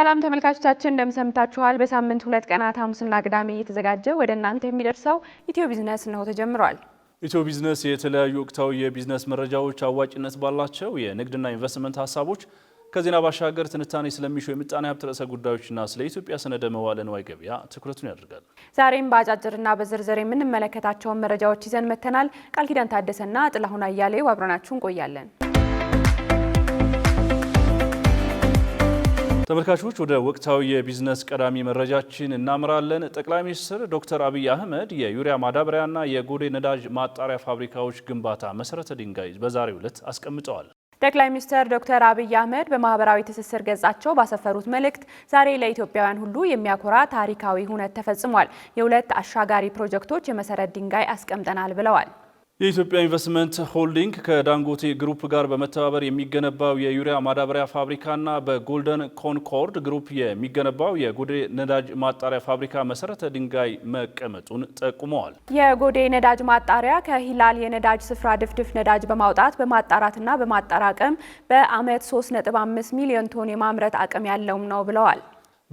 ሰላም ተመልካቾቻችን እንደምሰምታችኋል። በሳምንት ሁለት ቀናት ሐሙስና ቅዳሜ እየተዘጋጀ ወደ እናንተ የሚደርሰው ኢትዮ ቢዝነስ ነው ተጀምሯል። ኢትዮ ቢዝነስ የተለያዩ ወቅታዊ የቢዝነስ መረጃዎች፣ አዋጭነት ባላቸው የንግድና ኢንቨስትመንት ሀሳቦች ከዜና ባሻገር ትንታኔ ስለሚሹ የምጣኔ ሀብት ርዕሰ ጉዳዮችና ስለ ኢትዮጵያ ሰነደ መዋለ ንዋይ ገበያ ትኩረቱን ያደርጋል። ዛሬም በአጫጭርና በዝርዝር የምንመለከታቸውን መረጃዎች ይዘን መጥተናል። ቃል ኪዳን ታደሰና ጥላሁን አያሌው አብረናችሁ እንቆያለን። ተመልካቾች ወደ ወቅታዊ የቢዝነስ ቀዳሚ መረጃችን እናምራለን። ጠቅላይ ሚኒስትር ዶክተር አብይ አህመድ የዩሪያ ማዳበሪያና የጎዴ ነዳጅ ማጣሪያ ፋብሪካዎች ግንባታ መሰረተ ድንጋይ በዛሬው ዕለት አስቀምጠዋል። ጠቅላይ ሚኒስትር ዶክተር አብይ አህመድ በማህበራዊ ትስስር ገጻቸው ባሰፈሩት መልእክት ዛሬ ለኢትዮጵያውያን ሁሉ የሚያኮራ ታሪካዊ ሁነት ተፈጽሟል፣ የሁለት አሻጋሪ ፕሮጀክቶች የመሰረት ድንጋይ አስቀምጠናል ብለዋል። የኢትዮጵያ ኢንቨስትመንት ሆልዲንግ ከዳንጎቴ ግሩፕ ጋር በመተባበር የሚገነባው የዩሪያ ማዳበሪያ ፋብሪካና በጎልደን ኮንኮርድ ግሩፕ የሚገነባው የጎዴ ነዳጅ ማጣሪያ ፋብሪካ መሰረተ ድንጋይ መቀመጡን ጠቁመዋል። የጎዴ ነዳጅ ማጣሪያ ከሂላል የነዳጅ ስፍራ ድፍድፍ ነዳጅ በማውጣት በማጣራትና በማጠራቀም በአመት 3.5 ሚሊዮን ቶን የማምረት አቅም ያለውም ነው ብለዋል።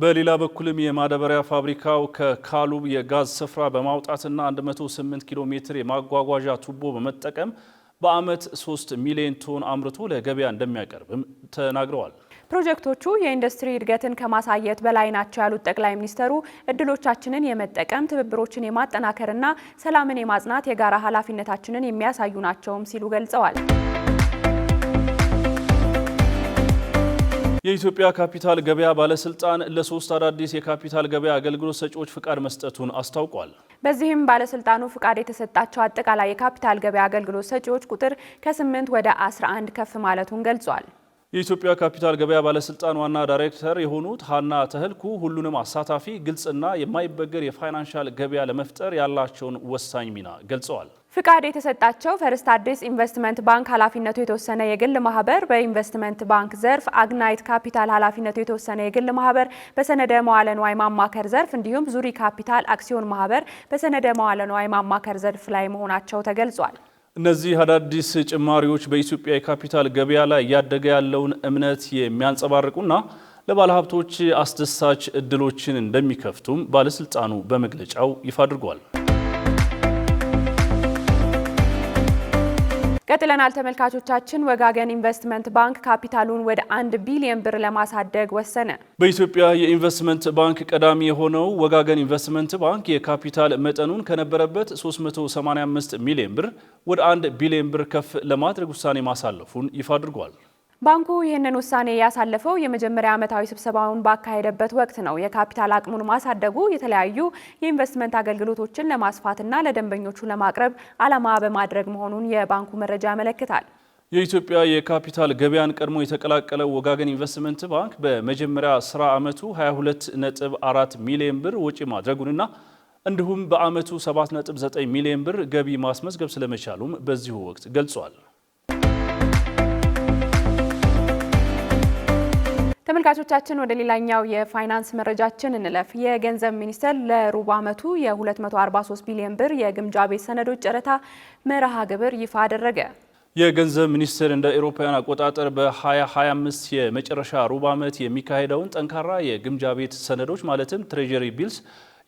በሌላ በኩልም የማዳበሪያ ፋብሪካው ከካሉብ የጋዝ ስፍራ በማውጣትና 108 ኪሎ ሜትር የማጓጓዣ ቱቦ በመጠቀም በዓመት 3 ሚሊዮን ቶን አምርቶ ለገበያ እንደሚያቀርብም ተናግረዋል። ፕሮጀክቶቹ የኢንዱስትሪ እድገትን ከማሳየት በላይ ናቸው ያሉት ጠቅላይ ሚኒስተሩ እድሎቻችንን የመጠቀም ትብብሮችን የማጠናከርና ሰላምን የማጽናት የጋራ ኃላፊነታችንን የሚያሳዩ ናቸውም ሲሉ ገልጸዋል። የኢትዮጵያ ካፒታል ገበያ ባለስልጣን ለሶስት አዳዲስ የካፒታል ገበያ አገልግሎት ሰጪዎች ፍቃድ መስጠቱን አስታውቋል። በዚህም ባለስልጣኑ ፍቃድ የተሰጣቸው አጠቃላይ የካፒታል ገበያ አገልግሎት ሰጪዎች ቁጥር ከ8 ወደ 11 ከፍ ማለቱን ገልጿል። የኢትዮጵያ ካፒታል ገበያ ባለስልጣን ዋና ዳይሬክተር የሆኑት ሀና ተህልኩ ሁሉንም አሳታፊ ግልጽና የማይበገር የፋይናንሻል ገበያ ለመፍጠር ያላቸውን ወሳኝ ሚና ገልጸዋል። ፍቃድ የተሰጣቸው ፈርስት አዲስ ኢንቨስትመንት ባንክ ኃላፊነቱ የተወሰነ የግል ማህበር በኢንቨስትመንት ባንክ ዘርፍ፣ አግናይት ካፒታል ኃላፊነቱ የተወሰነ የግል ማህበር በሰነደ መዋለ ንዋይ ማማከር ዘርፍ እንዲሁም ዙሪ ካፒታል አክሲዮን ማህበር በሰነደ መዋለ ንዋይ ማማከር ዘርፍ ላይ መሆናቸው ተገልጿል። እነዚህ አዳዲስ ጭማሪዎች በኢትዮጵያ የካፒታል ገበያ ላይ እያደገ ያለውን እምነት የሚያንጸባርቁና ለባለሀብቶች አስደሳች እድሎችን እንደሚከፍቱም ባለስልጣኑ በመግለጫው ይፋ አድርጓል። ቀጥለናል ተመልካቾቻችን። ወጋገን ኢንቨስትመንት ባንክ ካፒታሉን ወደ አንድ ቢሊዮን ብር ለማሳደግ ወሰነ። በኢትዮጵያ የኢንቨስትመንት ባንክ ቀዳሚ የሆነው ወጋገን ኢንቨስትመንት ባንክ የካፒታል መጠኑን ከነበረበት 385 ሚሊዮን ብር ወደ አንድ ቢሊዮን ብር ከፍ ለማድረግ ውሳኔ ማሳለፉን ይፋ አድርጓል። ባንኩ ይህንን ውሳኔ ያሳለፈው የመጀመሪያ ዓመታዊ ስብሰባውን ባካሄደበት ወቅት ነው። የካፒታል አቅሙን ማሳደጉ የተለያዩ የኢንቨስትመንት አገልግሎቶችን ለማስፋትና ለደንበኞቹ ለማቅረብ ዓላማ በማድረግ መሆኑን የባንኩ መረጃ ያመለክታል። የኢትዮጵያ የካፒታል ገበያን ቀድሞ የተቀላቀለው ወጋገን ኢንቨስትመንት ባንክ በመጀመሪያ ስራ ዓመቱ 22.4 ሚሊዮን ብር ወጪ ማድረጉንና እንዲሁም በዓመቱ 7.9 ሚሊዮን ብር ገቢ ማስመዝገብ ስለመቻሉም በዚሁ ወቅት ገልጿል። ተመልካቾቻችን ወደ ሌላኛው የፋይናንስ መረጃችን እንለፍ። የገንዘብ ሚኒስቴር ለሩብ ዓመቱ የ243 ቢሊዮን ብር የግምጃ ቤት ሰነዶች ጨረታ መርሃ ግብር ይፋ አደረገ። የገንዘብ ሚኒስቴር እንደ ኤሮፓውያን አቆጣጠር በ2025 የመጨረሻ ሩብ ዓመት የሚካሄደውን ጠንካራ የግምጃ ቤት ሰነዶች ማለትም ትሬጀሪ ቢልስ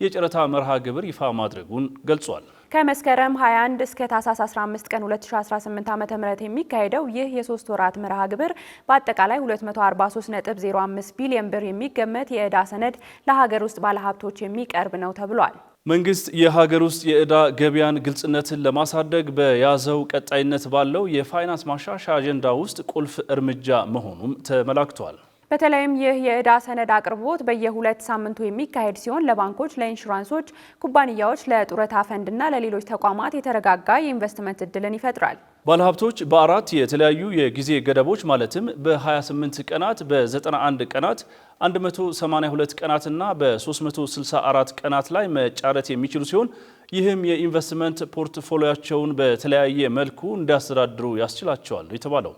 የጨረታ መርሃ ግብር ይፋ ማድረጉን ገልጿል። ከመስከረም 21 እስከ ታህሳስ 15 ቀን 2018 ዓ.ም የሚካሄደው ይህ የሶስት ወራት መርሃ ግብር በአጠቃላይ 243.05 ቢሊዮን ብር የሚገመት የዕዳ ሰነድ ለሀገር ውስጥ ባለሀብቶች የሚቀርብ ነው ተብሏል። መንግስት የሀገር ውስጥ የዕዳ ገበያን ግልጽነትን ለማሳደግ በያዘው ቀጣይነት ባለው የፋይናንስ ማሻሻያ አጀንዳ ውስጥ ቁልፍ እርምጃ መሆኑም ተመላክቷል። በተለይም ይህ የዕዳ ሰነድ አቅርቦት በየሁለት ሳምንቱ የሚካሄድ ሲሆን ለባንኮች፣ ለኢንሹራንሶች ኩባንያዎች፣ ለጡረታ እና ለሌሎች ተቋማት የተረጋጋ የኢንቨስትመንት እድልን ይፈጥራል። ባለሀብቶች በአራት የተለያዩ የጊዜ ገደቦች ማለትም በ28 ቀናት፣ በ91 ቀናት፣ 182 ቀናትና በ364 ቀናት ላይ መጫረት የሚችሉ ሲሆን ይህም የኢንቨስትመንት ፖርትፎሊያቸውን በተለያየ መልኩ እንዲያስተዳድሩ ያስችላቸዋል የተባለው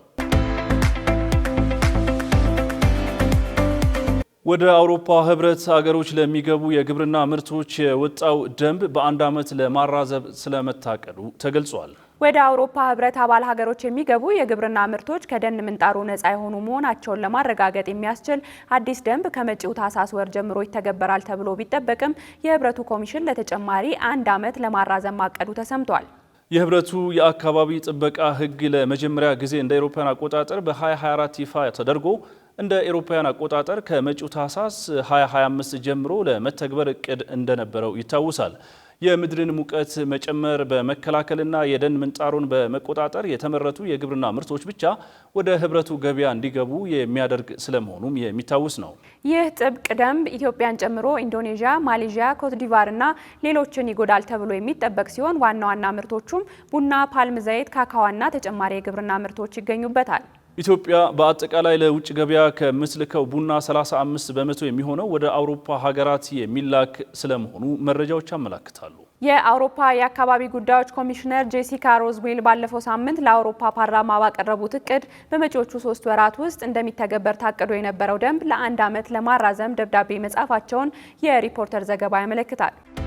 ወደ አውሮፓ ህብረት አገሮች ለሚገቡ የግብርና ምርቶች የወጣው ደንብ በአንድ ዓመት ለማራዘብ ስለመታቀዱ ተገልጿል። ወደ አውሮፓ ህብረት አባል ሀገሮች የሚገቡ የግብርና ምርቶች ከደን ምንጣሩ ነጻ የሆኑ መሆናቸውን ለማረጋገጥ የሚያስችል አዲስ ደንብ ከመጪው ታህሳስ ወር ጀምሮ ይተገበራል ተብሎ ቢጠበቅም የህብረቱ ኮሚሽን ለተጨማሪ አንድ ዓመት ለማራዘም ማቀዱ ተሰምቷል። የህብረቱ የአካባቢ ጥበቃ ህግ ለመጀመሪያ ጊዜ እንደ አውሮፓውያን አቆጣጠር በ2024 ይፋ ተደርጎ እንደ ኤሮፓውያን አቆጣጠር ከመጪው ታህሳስ 2025 ጀምሮ ለመተግበር እቅድ እንደነበረው ይታወሳል። የምድርን ሙቀት መጨመር በመከላከልና የደን ምንጣሩን በመቆጣጠር የተመረቱ የግብርና ምርቶች ብቻ ወደ ህብረቱ ገበያ እንዲገቡ የሚያደርግ ስለመሆኑም የሚታወስ ነው። ይህ ጥብቅ ደንብ ኢትዮጵያን ጨምሮ ኢንዶኔዥያ፣ ማሌዥያ፣ ኮትዲቫርና ሌሎችን ይጎዳል ተብሎ የሚጠበቅ ሲሆን ዋና ዋና ምርቶቹም ቡና፣ ፓልም ዘይት፣ ካካዋና ተጨማሪ የግብርና ምርቶች ይገኙበታል። ኢትዮጵያ በአጠቃላይ ለውጭ ገበያ ከምትልከው ቡና 35 በመቶ የሚሆነው ወደ አውሮፓ ሀገራት የሚላክ ስለመሆኑ መረጃዎች አመላክታሉ። የአውሮፓ የአካባቢ ጉዳዮች ኮሚሽነር ጄሲካ ሮዝዌል ባለፈው ሳምንት ለአውሮፓ ፓርላማ ባቀረቡት እቅድ በመጪዎቹ ሶስት ወራት ውስጥ እንደሚተገበር ታቅዶ የነበረው ደንብ ለአንድ ዓመት ለማራዘም ደብዳቤ መጻፋቸውን የሪፖርተር ዘገባ ያመለክታል።